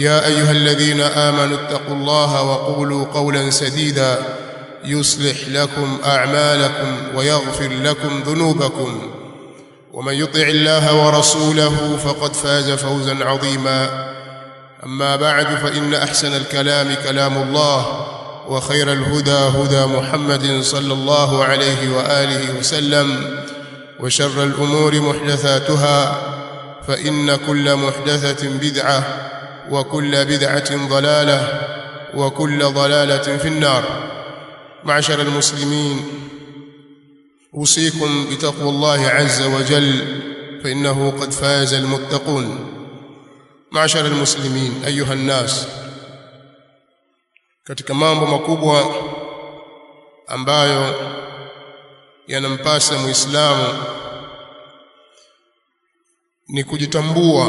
يا ايها الذين امنوا اتقوا الله وقولوا قولا سديدا يصلح لكم اعمالكم ويغفر لكم ذنوبكم ومن يطع الله ورسوله فقد فاز فوزا عظيما اما بعد فان احسن الكلام كلام الله وخير الهدى هدى محمد صلى الله عليه واله وسلم وشر الامور محدثاتها فان كل محدثه بدعه وكل بدعة ضلالة وكل ضلالة في النار معشر المسلمين أوصيكم بتقوى الله عز وجل فإنه قد فاز المتقون معشر المسلمين أيها الناس katika mambo makubwa ambayo yanampasa muislamu ni kujitambua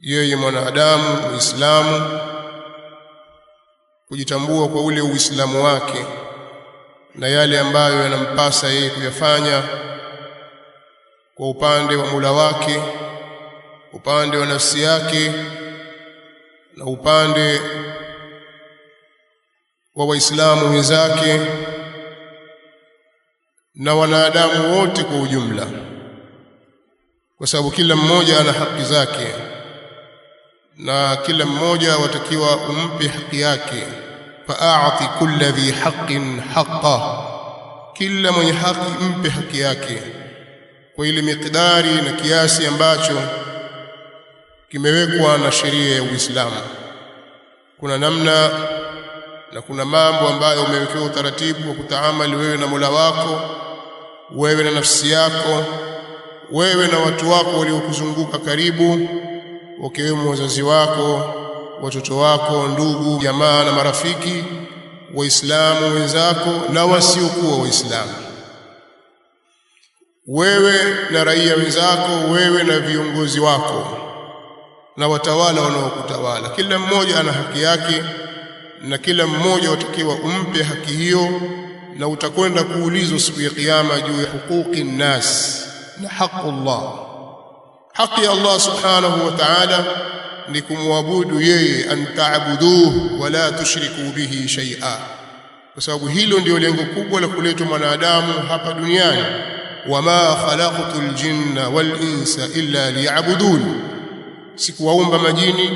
yeye mwanadamu muislamu kujitambua kwa ule uislamu wake na yale ambayo yanampasa yeye kuyafanya kwa upande wa mula wake, upande wa nafsi yake na upande wa Waislamu wenzake na wanadamu wote kwa ujumla, kwa sababu kila mmoja ana haki zake na kila mmoja watakiwa umpe haki yake. Faati kulli dhi haqqin haqqa, kila mwenye haki mpe haki yake kwa ile miqdari na kiasi ambacho kimewekwa na sheria ya Uislamu. Kuna namna na kuna mambo ambayo umewekewa utaratibu wa kutaamali wewe na Mola wako, wewe na nafsi yako, wewe na watu wako waliokuzunguka karibu wakiwemo wazazi wako, watoto wako, ndugu, jamaa na marafiki, waislamu wenzako na wasiokuwa waislamu, wewe na raia wenzako, wewe na viongozi wako na watawala wanaokutawala. Kila mmoja ana haki yake, na kila mmoja watakiwa umpe haki hiyo, na utakwenda kuulizwa siku ya Kiyama juu ya huquqi nnas na haqu Haki ya Allah subhanahu wa ta'ala ni kumwabudu yeye, antaabuduhu wala tushriku bihi shay'a, kwa sababu hilo ndio lengo kubwa la kuletwa mwanadamu hapa duniani. Wama khalaqtu ljinna wal insa illa liya'budun, sikuwaumba majini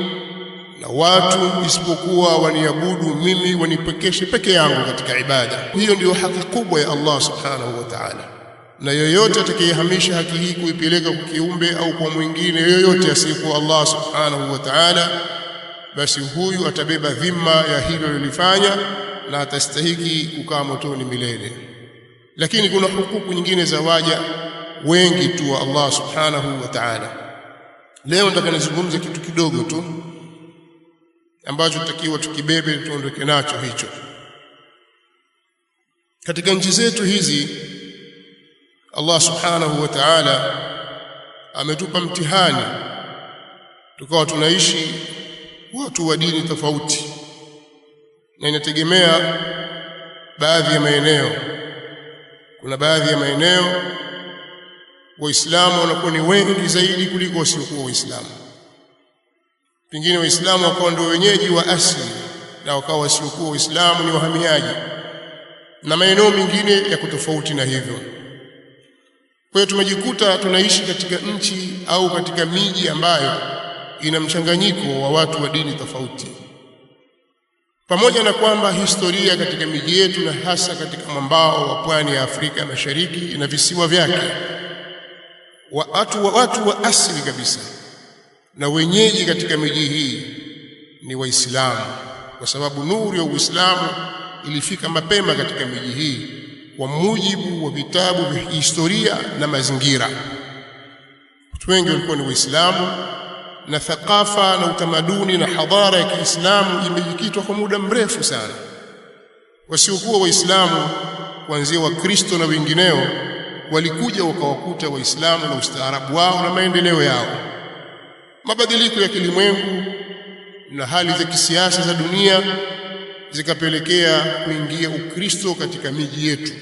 na watu isipokuwa waniabudu mimi, wanipekeshe peke yangu katika ibada. Hiyo ndiyo haki kubwa ya Allah subhanahu wa ta'ala na yoyote atakayehamisha haki hii kuipeleka kwa kiumbe au kwa mwingine yoyote asiyekuwa Allah subhanahu wa ta'ala, basi huyu atabeba dhima ya hilo lilifanya na atastahiki kukaa motoni milele. Lakini kuna hukuku nyingine za waja wengi tu wa Allah subhanahu wa ta'ala. Leo nataka nizungumze kitu kidogo tu ambacho tutakiwa tukibebe, tuondoke nacho hicho katika nchi zetu hizi Allah subhanahu wa ta'ala ametupa mtihani tukawa tunaishi watu wa dini tofauti na inategemea baadhi ya maeneo kuna baadhi ya maeneo waislamu wanakuwa ni wengi zaidi kuliko wasiokuwa waislamu pengine waislamu wakawa ndio wenyeji wa asili na wakawa wasiokuwa waislamu ni wahamiaji na maeneo mengine ya kutofauti na hivyo kwa hiyo tumejikuta tunaishi katika nchi au katika miji ambayo ina mchanganyiko wa watu wa dini tofauti, pamoja na kwamba historia katika miji yetu na hasa katika mwambao wa pwani ya Afrika Mashariki ina visiwa vyake, watu wa, watu wa asili kabisa na wenyeji katika miji hii ni Waislamu, kwa sababu nuru ya Uislamu ilifika mapema katika miji hii kwa mujibu wa vitabu vya historia na mazingira. Watu wengi walikuwa ni Waislamu na thakafa na utamaduni na hadhara ya Kiislamu imejikitwa kwa muda mrefu sana. Wasiokuwa Waislamu kuanzia Wakristo na wengineo walikuja wakawakuta Waislamu na ustaarabu wao na maendeleo yao. Mabadiliko ya kilimwengu na hali za kisiasa za dunia zikapelekea kuingia Ukristo katika miji yetu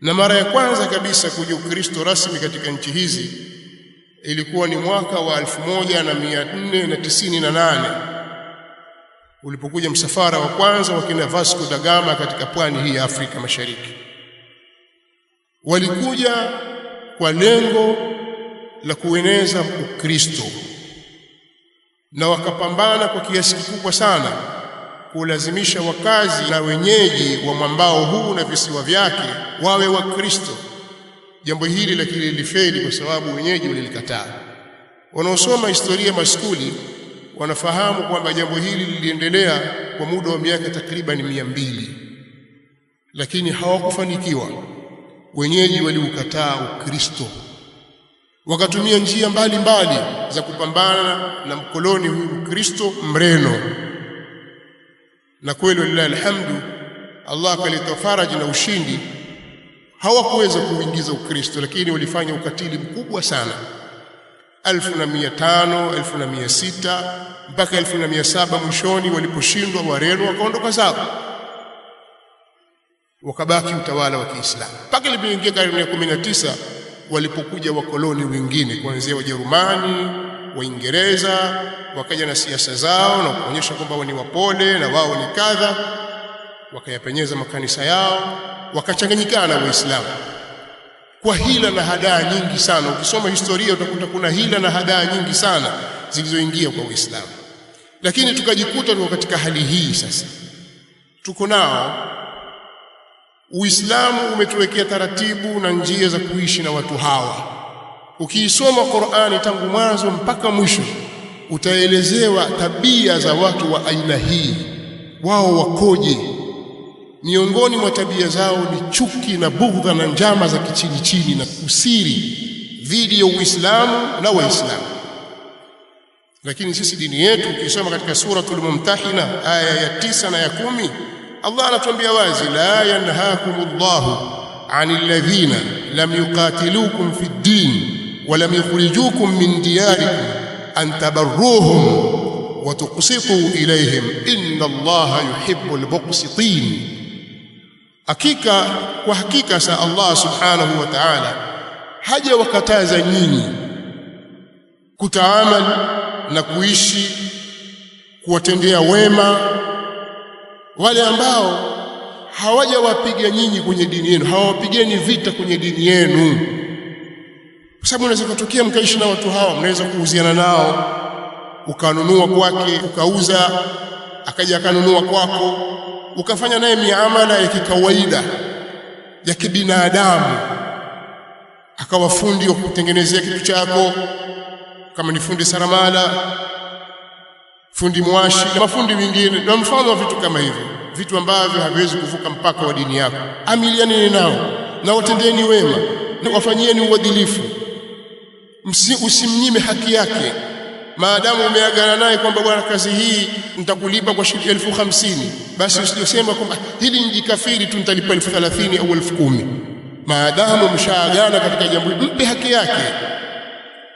na mara ya kwanza kabisa kuja Ukristo rasmi katika nchi hizi ilikuwa ni mwaka wa 1498 ulipokuja msafara wa kwanza wa kina Vasco da Gama katika pwani hii ya Afrika Mashariki. Walikuja kwa lengo la kueneza Ukristo na wakapambana kwa kiasi kikubwa sana kulazimisha wakazi na wenyeji wa mwambao huu na visiwa vyake wawe Wakristo. Jambo hili lakini lilifeli kwa sababu wenyeji walilikataa. Wanaosoma historia mashkuli wanafahamu kwamba jambo hili liliendelea kwa muda wa miaka takriban mia mbili, lakini hawakufanikiwa. Wenyeji waliukataa Ukristo, wakatumia njia mbalimbali mbali za kupambana na mkoloni huyu Mkristo mreno na kweli lillahi alhamdu Allah akaleta faraji na ushindi hawakuweza kuingiza ukristo lakini walifanya ukatili mkubwa sana 1500 1600 mpaka 1700 mwishoni waliposhindwa wareno wakaondoka zao wakabaki utawala wa Kiislamu mpaka ilipoingia karne ya 19 walipokuja wakoloni wengine kuanzia Wajerumani Waingereza wakaja na siasa zao na kuonyesha kwamba wao ni wapole na wao ni kadha, wakayapenyeza makanisa yao, wakachanganyikana Waislamu kwa hila na hadaa nyingi sana. Ukisoma historia utakuta kuna hila na hadaa nyingi sana zilizoingia kwa uislamu lakini tukajikuta tuko katika hali hii sasa. Tuko nao Uislamu umetuwekea taratibu na njia za kuishi na watu hawa ukiisoma Qur'ani tangu mwanzo mpaka mwisho utaelezewa tabia za watu wa aina hii wao wakoje miongoni mwa tabia zao ni chuki na bughdha na njama za kichini chini na kusiri dhidi ya Uislamu na Waislamu lakini sisi dini yetu ukisoma katika suratul Mumtahina aya ya tisa na ya kumi Allah anatuambia wazi la llahu anil ladhina lam yuqatilukum fid din walam yukhrijukum min diyarikum an tabarruhum wa tuqsitu ilayhim inna Allaha yuhibbul muqsitin, hakika kwa hakika sa Allah subhanahu wa ta'ala haja wakataza nyinyi kutaamal na kuishi kuwatendea wema wale ambao hawajawapiga nyinyi kwenye dini yenu, hawapigeni vita kwenye dini yenu kwa sababu unaweza kutokea mkaishi na watu hawa, mnaweza kuuziana nao, ukanunua kwake, ukauza, akaja akanunua kwako, ukafanya naye miamala ya kikawaida ya kibinadamu, akawa fundi wa kutengenezea kitu chako, kama ni fundi saramala, fundi mwashi na mafundi wengine, na mfano wa vitu kama hivyo, vitu ambavyo haviwezi kuvuka mpaka wa dini yako. Amilianeni nao na watendeni wema na wafanyieni uadilifu usimnyime haki yake maadamu umeagana naye kwamba bwana kazi hii nitakulipa kwa shilingi elfu hamsini basi usijosema kwamba hili kafiri tu nitalipa elfu thalathini au elfu kumi maadamu mshaagana katika jambo mpe haki yake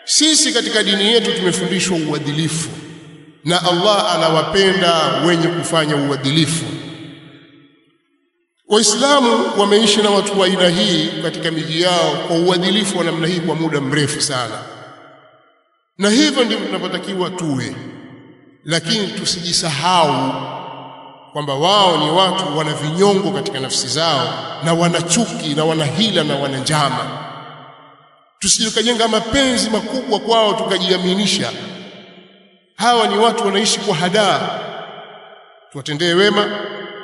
sisi katika dini yetu tumefundishwa uadilifu na Allah anawapenda wenye kufanya uadilifu Waislamu wameishi na watu wa aina hii katika miji yao kwa uadilifu wa namna hii kwa muda mrefu sana, na hivyo ndivyo tunavyotakiwa tuwe, lakini tusijisahau kwamba wao ni watu wana vinyongo katika nafsi zao na wana chuki na wana hila na wana njama. Tusijikajenga mapenzi makubwa kwao tukajiaminisha. Hawa ni watu wanaishi kwa hadaa, tuwatendee wema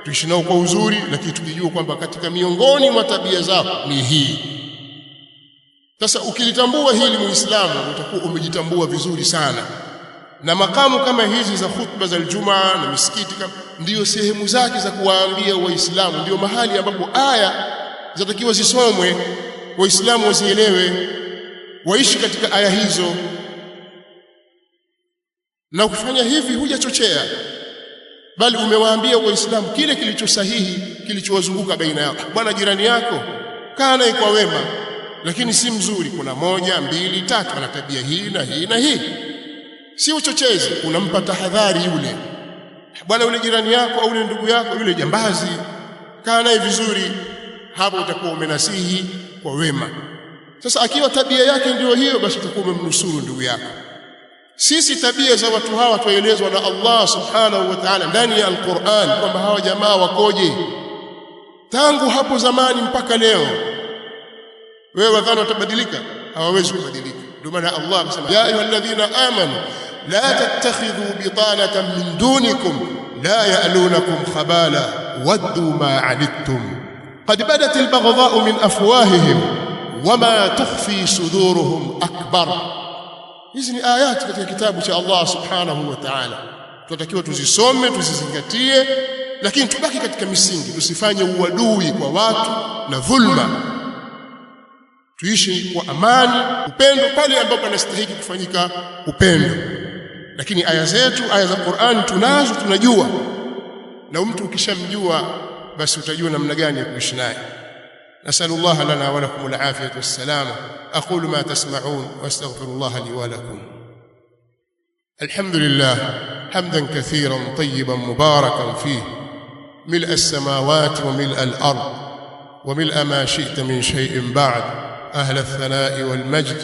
tuishi nao kwa uzuri, lakini tukijua kwamba katika miongoni mwa tabia zao ni hii. Sasa ukilitambua hili Muislamu, utakuwa umejitambua vizuri sana. Na makamu kama hizi za khutba za Ijumaa na misikiti ndiyo sehemu zake za kuwaambia Waislamu, ndiyo mahali ambapo aya zatakiwa zisomwe, Waislamu wazielewe, waishi katika aya hizo, na ukifanya hivi hujachochea bali umewaambia waislamu kile kilicho sahihi kilichowazunguka baina yao bwana jirani yako kaa naye kwa wema lakini si mzuri kuna moja mbili tatu ana tabia hii na hii na hii si uchochezi unampa tahadhari yule bwana yule jirani yako au yule ndugu yako yule jambazi kaa naye vizuri hapo utakuwa umenasihi kwa wema sasa akiwa tabia yake ndio hiyo basi utakuwa umemnusuru ndugu yako sisi tabia za watu hawa tuelezwa na Allah subhanahu wa ta'ala ndani ya Al-Qur'an kwamba hawa jamaa wakoje tangu hapo zamani mpaka leo wewe wadhani watabadilika hawawezi kubadilika ndio maana Allah amesema ya ayyuhalladhina amanu la tattakhidhu bitanatan min dunikum la ya'lunakum khabala waddu ma anittum qad badat al-baghdha'u min afwahihim wama tukhfi sudurhum akbar hizi ni ayati katika kitabu cha Allah subhanahu wa ta'ala tunatakiwa tuzisome tuzizingatie lakini tubaki katika misingi tusifanye uadui kwa watu na dhulma tuishi kwa amani upendo pale ambapo anastahili kufanyika upendo lakini aya zetu aya za Qur'an tunazo tunajua na mtu ukishamjua basi utajua namna gani ya kuishi naye نسأل الله لنا ولكم العافية والسلامة أقول ما تسمعون وأستغفر الله لي ولكم الحمد لله حمدا كثيرا طيبا مباركا فيه ملء السماوات وملء الأرض وملء ما شئت من شيء بعد أهل الثناء والمجد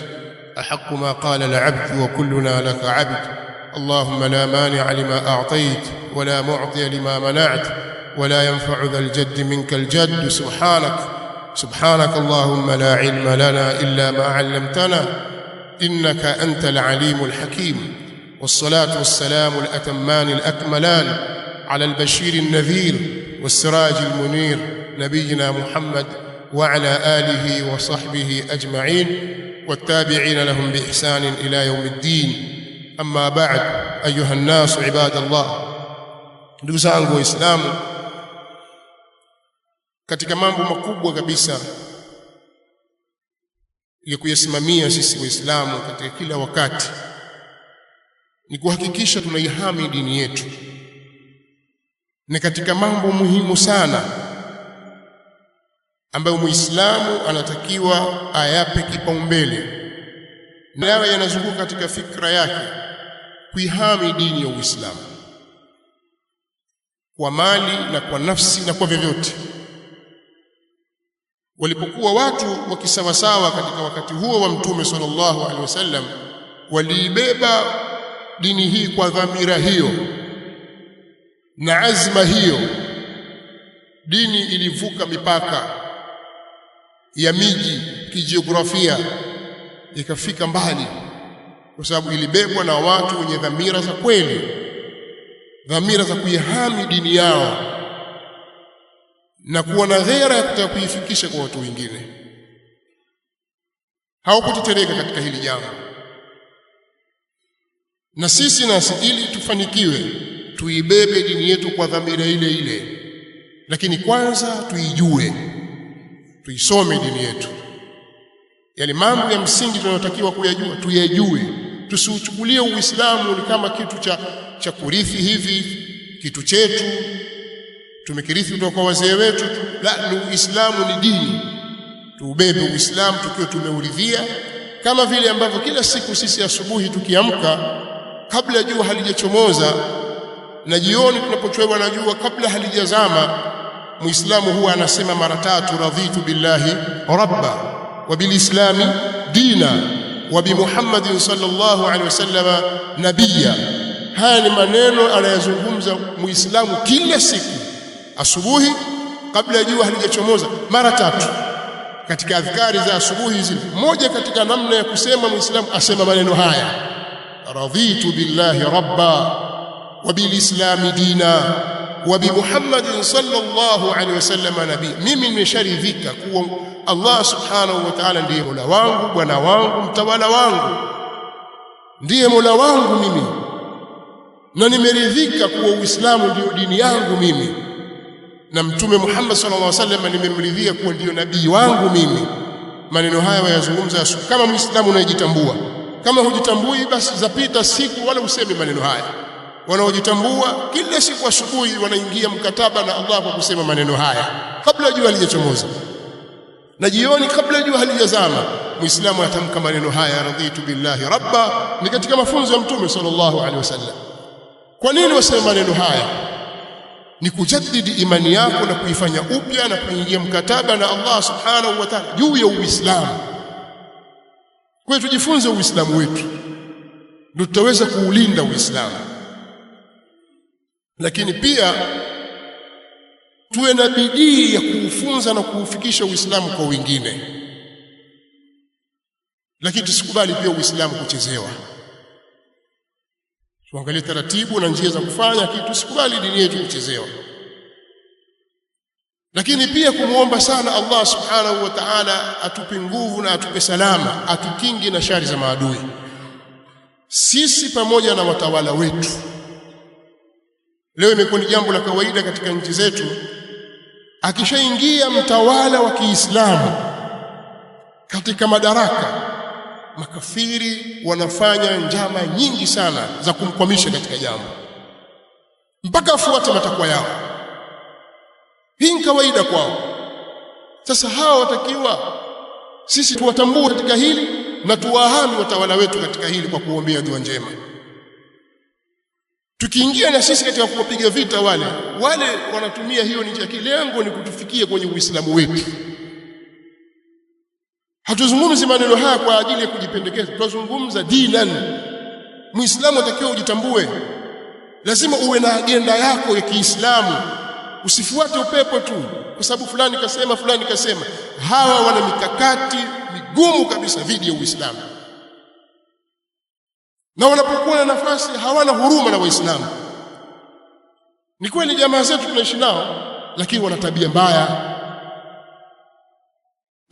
أحق ما قال العبد وكلنا لك عبد اللهم لا مانع لما أعطيت ولا معطي لما منعت ولا ينفع ذا الجد منك الجد سبحانك سبحانك اللهم لا علم لنا إلا ما علمتنا إنك أنت العليم الحكيم والصلاة والسلام الأتمان الأكملان على البشير النذير والسراج المنير نبينا محمد وعلى آله وصحبه أجمعين والتابعين لهم بإحسان إلى يوم الدين أما بعد أيها الناس عباد الله ndugu zangu katika mambo makubwa kabisa ya kuyasimamia sisi waislamu katika kila wakati ni kuhakikisha tunaihami dini yetu na katika mambo muhimu sana ambayo muislamu anatakiwa ayape kipaumbele na yawe yanazunguka katika fikra yake kuihami dini ya Uislamu kwa mali na kwa nafsi na kwa vyovyote walipokuwa watu wakisawasawa katika wakati huo wa mtume sallallahu alaihi wasallam waliibeba dini hii kwa dhamira hiyo na azma hiyo dini ilivuka mipaka ya miji kijiografia ikafika mbali kwa sababu ilibebwa na watu wenye dhamira za kweli dhamira za kuihami dini yao na kuwa na ghera ya kutaka kuifikisha kwa watu wengine. Hawakutetereka katika hili jambo, na sisi nasi, ili tufanikiwe, tuibebe dini yetu kwa dhamira ile ile, lakini kwanza tuijue, tuisome dini yetu. yani mambo ya msingi tunayotakiwa kuyajua tuyajue, tusiuchukulie Uislamu ni kama kitu cha, cha kurithi hivi kitu chetu tumekirithi kutoka kwa wazee wetu. La, Uislamu ni dini, tuubebe Uislamu tukiwa tumeuridhia, kama vile ambavyo kila siku sisi asubuhi tukiamka, kabla jua halijachomoza na jioni tunapochwewa na jua kabla halijazama, Muislamu huwa anasema mara tatu, radhitu billahi rabba wa bilislami dina wa bimuhammadin sallallahu alaihi wasallam nabiya. Haya ni maneno anayozungumza Muislamu kila siku asubuhi kabla ya jua halijachomoza mara tatu katika adhkari za asubuhi zile moja katika namna ya kusema muislamu asema maneno haya radhitu billahi rabba wa bilislami dina wa bi muhammadin sallallahu alaihi wasallam nabii mimi nimesharidhika kuwa Allah subhanahu wa ta'ala ndiye mola wangu bwana wangu mtawala wangu ndiye mola wangu mimi na nimeridhika kuwa uislamu ndio dini yangu mimi na mtume Muhammad sallallahu alaihi wasallam nimemridhia kuwa ndiyo nabii wangu mimi. Maneno haya wayazungumza kama Muislamu unayejitambua. Kama hujitambui, basi zapita siku wala useme maneno haya. Wanaojitambua kila siku asubuhi wanaingia mkataba na Allah kwa kusema maneno haya kabla jua halijachomoza na jioni kabla jua halijazama. Muislamu atamka maneno haya, radhitu billahi rabba. Ni katika mafunzo ya mtume sallallahu alaihi wasallam. Kwa nini waseme maneno haya? ni kujaddidi imani yako na kuifanya upya na kuingia mkataba na Allah subhanahu wa ta'ala juu ya Uislamu. Kwa hiyo tujifunze Uislamu wetu, ndio tutaweza kuulinda Uislamu. Lakini pia tuwe na bidii ya kuufunza na kuufikisha Uislamu kwa wengine, lakini tusikubali pia Uislamu kuchezewa tuangalie taratibu na njia za kufanya kitu sikubali dini yetu kuchezewa lakini pia kumuomba sana Allah subhanahu wa ta'ala atupe nguvu na atupe salama atukingi na shari za maadui sisi pamoja na watawala wetu leo imekuwa ni jambo la kawaida katika nchi zetu akishaingia mtawala wa Kiislamu katika madaraka makafiri wanafanya njama nyingi sana za kumkwamisha katika jambo mpaka afuate matakwa yao. Hii ni kawaida kwao. Sasa hawa watakiwa sisi tuwatambue katika hili na tuwahami watawala wetu katika hili kwa kuombea dua njema. Tukiingia na sisi katika kuwapiga vita wale wale, wanatumia hiyo ni njia, lengo ni kutufikia kwenye Uislamu wetu hatuzungumzi maneno haya kwa ajili ya kujipendekeza tunazungumza dinan muislamu atakiwa ujitambue lazima uwe na agenda yako ya Kiislamu usifuate upepo tu kwa sababu fulani kasema fulani kasema hawa wana mikakati migumu kabisa dhidi ya Uislamu na wanapokuwa na nafasi hawana huruma na Waislamu ni kweli jamaa zetu tunaishi nao lakini wana tabia mbaya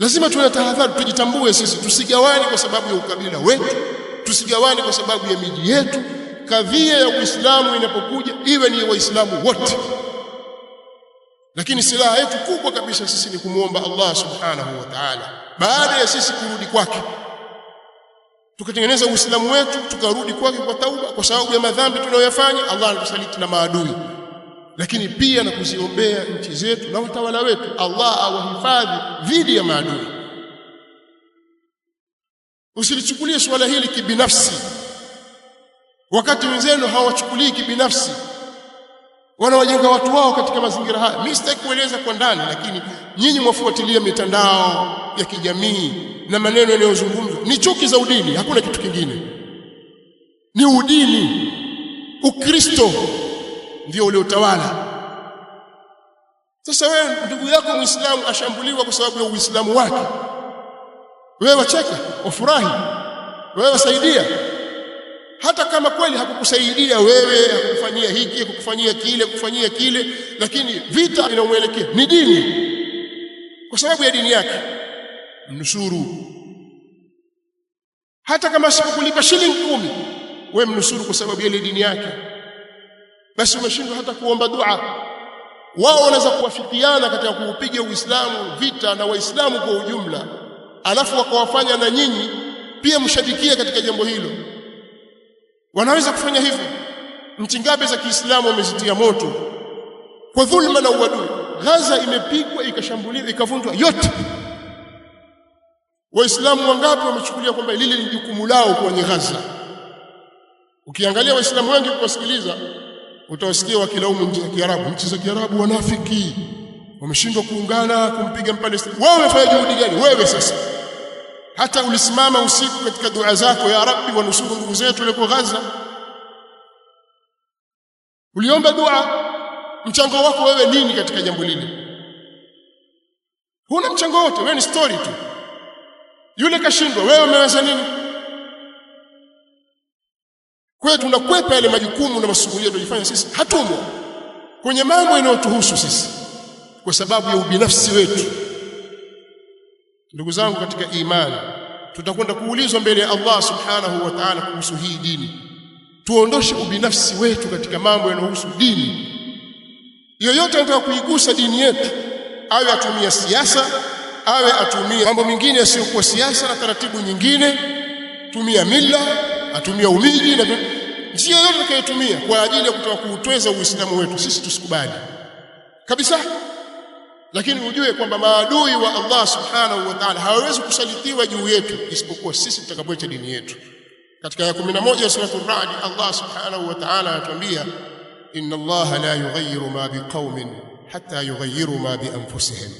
lazima tuwe na tahadhari tujitambue sisi tusigawani kwa sababu ya ukabila wetu tusigawani kwa sababu ya miji yetu kadhia ya Uislamu inapokuja iwe ni waislamu wote lakini silaha yetu kubwa kabisa sisi ni kumwomba Allah subhanahu wa ta'ala baada ya sisi kurudi kwake tukatengeneza uislamu wetu tukarudi kwake kwa tauba kwa sababu ya madhambi tunayoyafanya Allah anatusaliti na maadui lakini pia na kuziombea nchi zetu na utawala wetu Allah awahifadhi dhidi ya maadui usilichukulie suala hili kibinafsi wakati wenzenu hawachukulii kibinafsi wanawajenga watu wao katika mazingira haya mimi sitaki kueleza kwa ndani lakini nyinyi mwafuatilia mitandao ya kijamii na maneno yanayozungumzwa ni chuki za udini hakuna kitu kingine ni udini ukristo ndio ule utawala sasa wewe ndugu yako muislamu ashambuliwa kwa sababu ya uislamu wake wewe wacheka wafurahi wewe wasaidia hata kama kweli hakukusaidia wewe hakukufanyia hiki hakukufanyia kile kufanyia kile lakini vita inamuelekea ni dini kwa sababu ya dini yake mnusuru hata kama sikukulipa shilingi kumi wewe mnusuru kwa sababu ya dini yake basi umeshindwa hata kuomba dua wao wanaweza kuwafikiana katika kuupiga Uislamu vita na Waislamu kwa ujumla alafu wakawafanya na nyinyi pia mshadikie katika jambo hilo wanaweza kufanya hivyo nchi ngapi za Kiislamu wamezitia moto kwa dhulma na uadui Gaza imepigwa ikashambuliwa ikavunjwa yote Waislamu wangapi wamechukulia kwamba lile ni jukumu lao kwenye Gaza ukiangalia Waislamu wengi kuwasikiliza utawasikia wakilaumu nchi za Kiarabu nchi za Kiarabu wanafiki wameshindwa kuungana kumpiga Mpalestina wewe umefanya juhudi gani wewe sasa hata ulisimama usiku katika dua zako ya Rabbi wanusuru ndugu zetu walioko Gaza uliomba dua mchango wako wewe nini katika jambo lile huna mchango wote wewe ni story tu yule kashindwa wewe umeweza nini kwa hiyo tunakwepa yale majukumu na masughulio tunajifanya sisi hatumo kwenye mambo yanayotuhusu sisi kwa sababu ya ubinafsi wetu ndugu zangu katika imani tutakwenda kuulizwa mbele ya Allah subhanahu wa ta'ala kuhusu hii dini tuondoshe ubinafsi wetu katika mambo yanayohusu dini yoyote anataka kuigusa dini yetu awe atumia siasa awe atumia mambo mengine yasiyokuwa siasa na taratibu nyingine tumia mila atumia umiji na njia yote tutakayotumia kwa ajili ya kutaka kuutweza Uislamu wetu sisi tusikubali kabisa. Lakini ujue kwamba maadui wa Allah subhanahu wa ta'ala hawawezi kusalitiwa juu yetu isipokuwa sisi tutakapoacha dini yetu. Katika ya 11 ya sura Ar-Ra'd, Allah subhanahu wa ta'ala anatuambia inna Allah la yughayyiru ma biqaumin hatta yughayyiru ma bi anfusihim,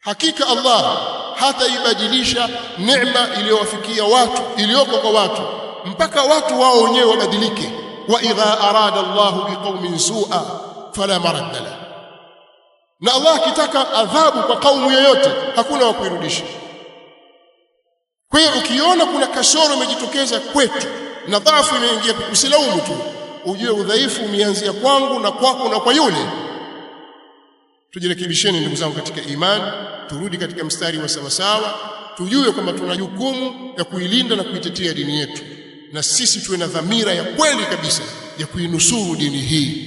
hakika Allah hataibadilisha neema iliyowafikia watu iliyoko kwa watu mpaka watu wao wenyewe wabadilike wa idha arada Allahu biqaumin su'a fala maradda la na Allah akitaka adhabu kwa kaumu yoyote hakuna wa kuirudisha kwa hiyo ukiona kuna kasoro imejitokeza kwetu na dhaifu imeingia usilaumu tu ujue udhaifu umeanzia kwangu na kwako na kwa yule tujirekebisheni ndugu zangu katika imani turudi katika mstari wa sawasawa tujue kwamba tuna jukumu ya kuilinda na kuitetea dini yetu na sisi tuwe na dhamira ya kweli kabisa ya kuinusuru dini hii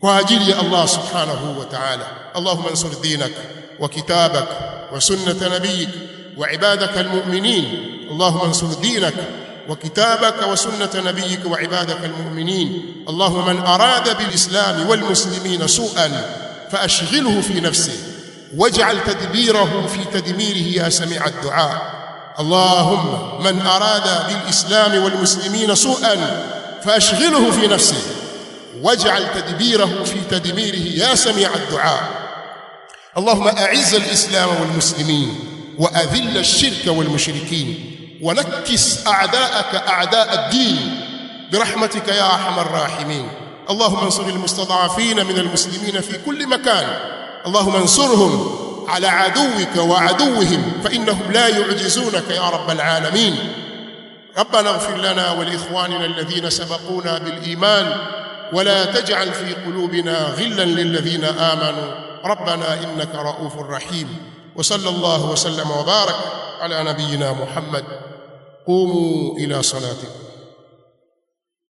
kwa ajili ya Allah subhanahu wa ta'ala Allahumma ansur dinak wa kitabak wa sunnata nabiyik wa ibadaka almu'minin Allahumma ansur dinak wa wa nabiyik وكتابك وسنة نبيك وعبادك المؤمنين اللهم من أراد بالإسلام والمسلمين سوءا فأشغله في نفسه واجعل تدبيره في تدميره يا سميع الدعاء اللهم من أراد بالإسلام والمسلمين سوءا فأشغله في نفسه واجعل تدبيره في تدميره يا سميع الدعاء اللهم أعز الإسلام والمسلمين وأذل الشرك والمشركين ونكس أعداءك أعداء الدين برحمتك يا أرحم الراحمين اللهم انصر المستضعفين من المسلمين في كل مكان اللهم انصرهم على عدوك وعدوهم فإنهم لا يعجزونك يا رب العالمين ربنا اغفر لنا ولإخواننا الذين سبقونا بالإيمان ولا تجعل في قلوبنا غلا للذين آمنوا ربنا إنك رؤوف رحيم وصلى الله وسلم وبارك على نبينا محمد قوموا إلى صلاتكم